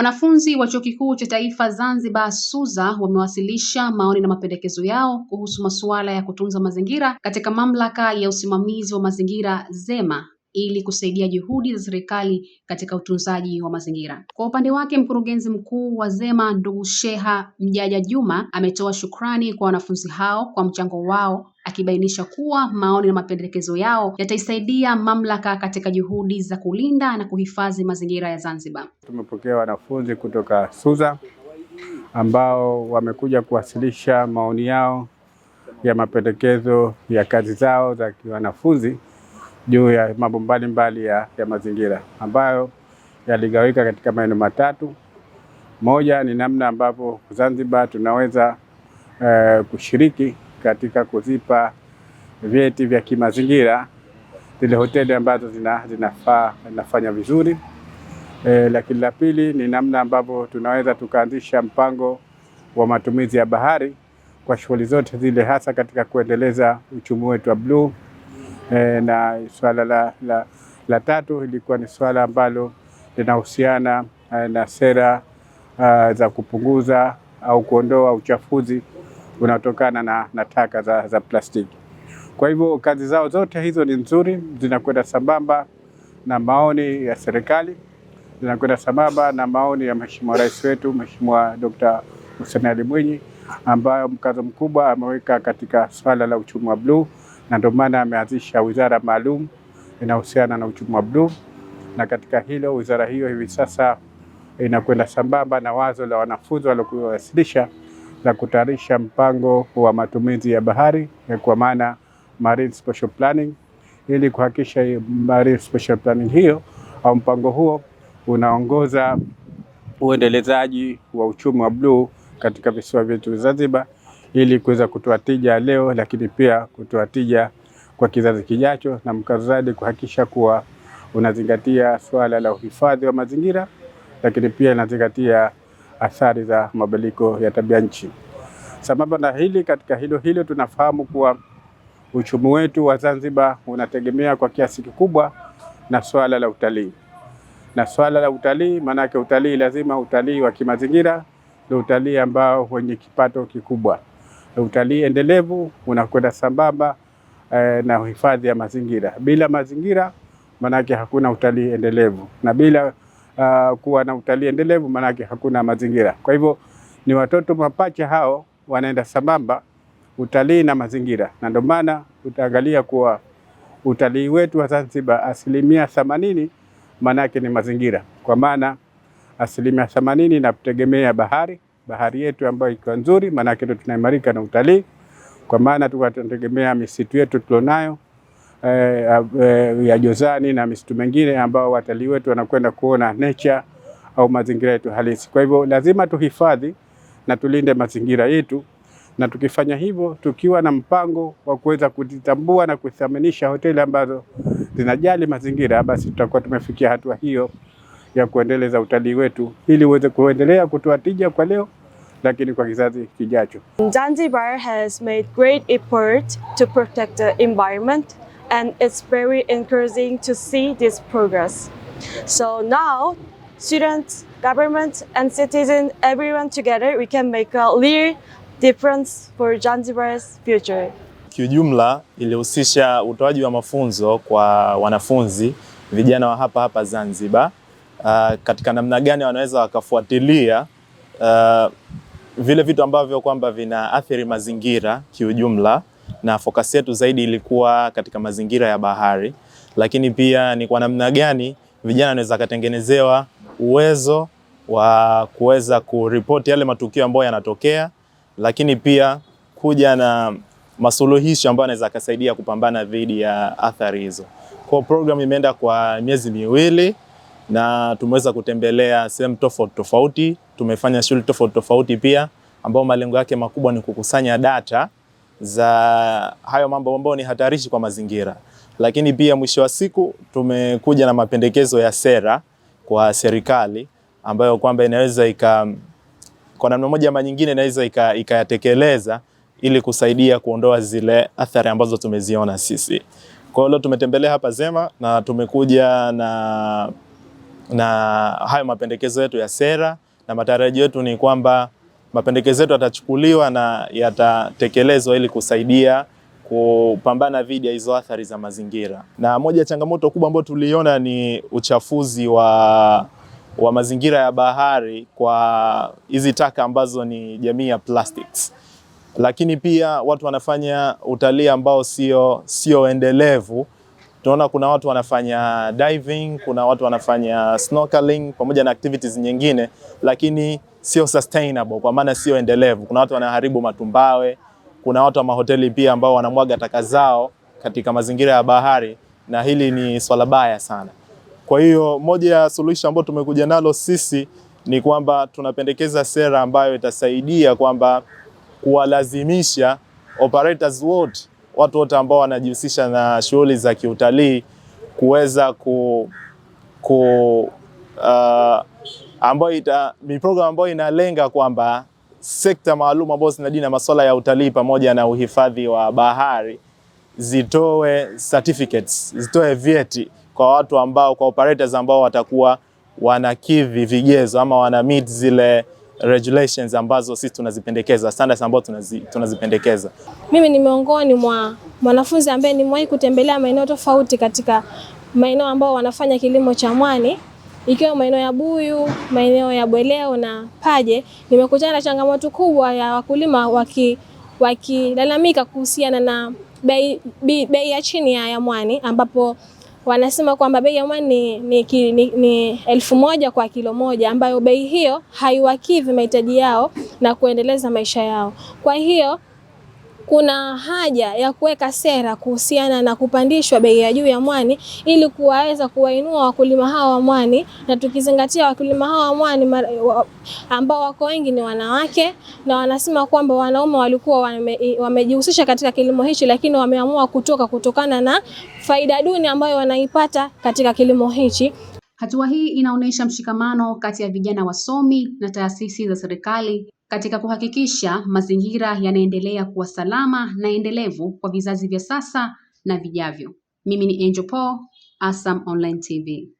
Wanafunzi wa Chuo Kikuu cha Taifa Zanzibar SUZA wamewasilisha maoni na mapendekezo yao kuhusu masuala ya kutunza mazingira katika Mamlaka ya Usimamizi wa Mazingira ZEMA ili kusaidia juhudi za serikali katika utunzaji wa mazingira. Kwa upande wake, mkurugenzi mkuu wa ZEMA ndugu Sheha Mjaja Juma ametoa shukrani kwa wanafunzi hao kwa mchango wao akibainisha kuwa maoni na mapendekezo yao yataisaidia mamlaka katika juhudi za kulinda na kuhifadhi mazingira ya Zanzibar. Tumepokea wanafunzi kutoka SUZA ambao wamekuja kuwasilisha maoni yao ya mapendekezo ya kazi zao za kiwanafunzi juu ya mambo mbalimbali ya, ya mazingira ambayo yaligawika katika maeneo matatu. Moja ni namna ambavyo Zanzibar tunaweza eh, kushiriki katika kuzipa vyeti vya kimazingira zile hoteli ambazo zina, zinafaa zinafanya vizuri e, lakini la pili ni namna ambavyo tunaweza tukaanzisha mpango wa matumizi ya bahari kwa shughuli zote zile, hasa katika kuendeleza uchumi wetu wa bluu. E, na swala la, la, la tatu ilikuwa ni swala ambalo linahusiana eh, na sera uh, za kupunguza au kuondoa uchafuzi unaotokana na, na taka za, za plastiki. Kwa hivyo kazi zao zote hizo ni nzuri, zinakwenda sambamba na maoni ya serikali, zinakwenda sambamba na maoni ya Mheshimiwa Rais wetu Mheshimiwa Dr. Hussein Ali Mwinyi ambayo mkazo mkubwa ameweka katika swala la uchumi wa bluu na ndio maana ameanzisha wizara maalum inahusiana na uchumi wa bluu, na katika hilo wizara hiyo hivi sasa inakwenda sambamba na wazo la wanafunzi waliowasilisha la kutayarisha mpango wa matumizi ya bahari eh, kwa maana marine special planning, ili kuhakikisha marine special planning hiyo au mpango huo unaongoza uendelezaji wa uchumi wa bluu katika visiwa vyetu Zanzibar ili kuweza kutoa tija leo, lakini pia kutoa tija kwa kizazi kijacho, na mkazadi kuhakikisha kuwa unazingatia swala la uhifadhi wa mazingira, lakini pia inazingatia athari za mabadiliko ya tabia nchi. Sambamba na hili, katika hilo hilo tunafahamu kuwa uchumi wetu wa Zanzibar unategemea kwa kiasi kikubwa na swala la utalii na swala la utalii, maanake utalii lazima utalii wa kimazingira ndio utalii ambao wenye kipato kikubwa utalii endelevu unakwenda sambamba eh, na uhifadhi ya mazingira. Bila mazingira, maanake hakuna utalii endelevu, na bila uh, kuwa na utalii endelevu, maanake hakuna mazingira. Kwa hivyo ni watoto mapacha hao wanaenda sambamba, utalii na mazingira, na ndio maana utaangalia kuwa utalii wetu wa Zanzibar asilimia themanini maanake ni mazingira, kwa maana asilimia themanini inategemea bahari bahari yetu ambayo ikiwa nzuri, maanake tu tunaimarika na utalii, kwa maana tunategemea misitu yetu tulionayo e, e, ya Jozani na misitu mengine ambao watalii wetu wanakwenda kuona nature au mazingira yetu halisi. Kwa hivyo lazima tuhifadhi na tulinde mazingira yetu, na tukifanya hivyo tukiwa na mpango wa kuweza kujitambua na kuthaminisha hoteli ambazo zinajali mazingira, basi tutakuwa tumefikia hatua hiyo ya kuendeleza utalii wetu ili uweze kuendelea kutoa tija kwa leo lakini kwa kizazi kijacho. Zanzibar has made great effort to protect the environment and it's very encouraging to see this progress. So now students, government and citizens, everyone together we can make a real difference for Zanzibar's future. Kiujumla ilihusisha utoaji wa mafunzo kwa wanafunzi vijana wa hapa hapa Zanzibar, uh, katika namna gani wanaweza wakafuatilia uh, vile vitu ambavyo kwamba vinaathiri mazingira kiujumla, na fokasi yetu zaidi ilikuwa katika mazingira ya bahari, lakini pia ni kwa namna gani vijana wanaweza katengenezewa uwezo wa kuweza kuripoti yale matukio ambayo yanatokea, lakini pia kuja na masuluhisho ambayo anaweza akasaidia kupambana dhidi ya athari hizo. Kwa program imeenda kwa miezi miwili na tumeweza kutembelea sehemu tofauti tofauti, tumefanya shughuli tofauti tofauti pia, ambao malengo yake makubwa ni kukusanya data za hayo mambo ambayo ni hatarishi kwa mazingira, lakini pia mwisho wa siku tumekuja na mapendekezo ya sera kwa serikali ambayo kwamba inaweza ika kwa namna moja ama nyingine inaweza ikayatekeleza ika ili kusaidia kuondoa zile athari ambazo tumeziona sisi. Kwa hiyo leo tumetembelea hapa Zema na tumekuja na na hayo mapendekezo yetu ya sera, na matarajio yetu ni kwamba mapendekezo yetu yatachukuliwa na yatatekelezwa ili kusaidia kupambana dhidi ya hizo athari za mazingira. Na moja ya changamoto kubwa ambayo tuliona ni uchafuzi wa, wa mazingira ya bahari kwa hizi taka ambazo ni jamii ya plastics. Lakini pia watu wanafanya utalii ambao sio sio endelevu. Tunaona kuna watu wanafanya diving, kuna watu wanafanya snorkeling pamoja na activities nyingine, lakini sio sustainable, kwa maana sio endelevu. Kuna watu wanaharibu matumbawe, kuna watu wa mahoteli pia ambao wanamwaga taka zao katika mazingira ya bahari, na hili ni swala baya sana. Kwa hiyo moja ya solution ambayo tumekuja nalo sisi ni kwamba tunapendekeza sera ambayo itasaidia kwamba kuwalazimisha operators wote watu wote ambao wanajihusisha na shughuli za kiutalii kuweza ku, ku uh, ambayo ita, ni program ambayo inalenga kwamba sekta maalum ambazo zinadili na masuala ya utalii pamoja na uhifadhi wa bahari zitoe certificates, zitoe vyeti kwa watu ambao, kwa operators ambao watakuwa wanakidhi vigezo ama wana meet zile regulations ambazo sisi tunazipendekeza, standards ambazo tunazi, tunazipendekeza. Mimi ni miongoni mwa mwanafunzi ambaye nimewahi kutembelea maeneo tofauti katika maeneo ambao wanafanya kilimo cha mwani ikiwa maeneo ya Buyu, maeneo ya Bweleo na Paje. Nimekutana na changamoto kubwa ya wakulima waki wakilalamika kuhusiana na bei, bei ya chini ya, ya mwani ambapo wanasema kwamba bei ya umma ni, ni, ni, ni elfu moja kwa kilo moja ambayo bei hiyo haiwakidhi mahitaji yao na kuendeleza maisha yao. Kwa hiyo kuna haja ya kuweka sera kuhusiana na kupandishwa bei ya juu ya mwani ili kuwaweza kuwainua wakulima hawa wa mwani, na tukizingatia wakulima hawa wa mwani ambao wako wengi ni wanawake, na wanasema kwamba wanaume walikuwa wame, wamejihusisha katika kilimo hichi, lakini wameamua kutoka kutokana na faida duni ambayo wanaipata katika kilimo hichi. Hatua hii inaonyesha mshikamano kati ya vijana wasomi na taasisi za serikali katika kuhakikisha mazingira yanaendelea kuwa salama na endelevu kwa vizazi vya sasa na vijavyo. Mimi ni Angel Paul, ASAM Online TV.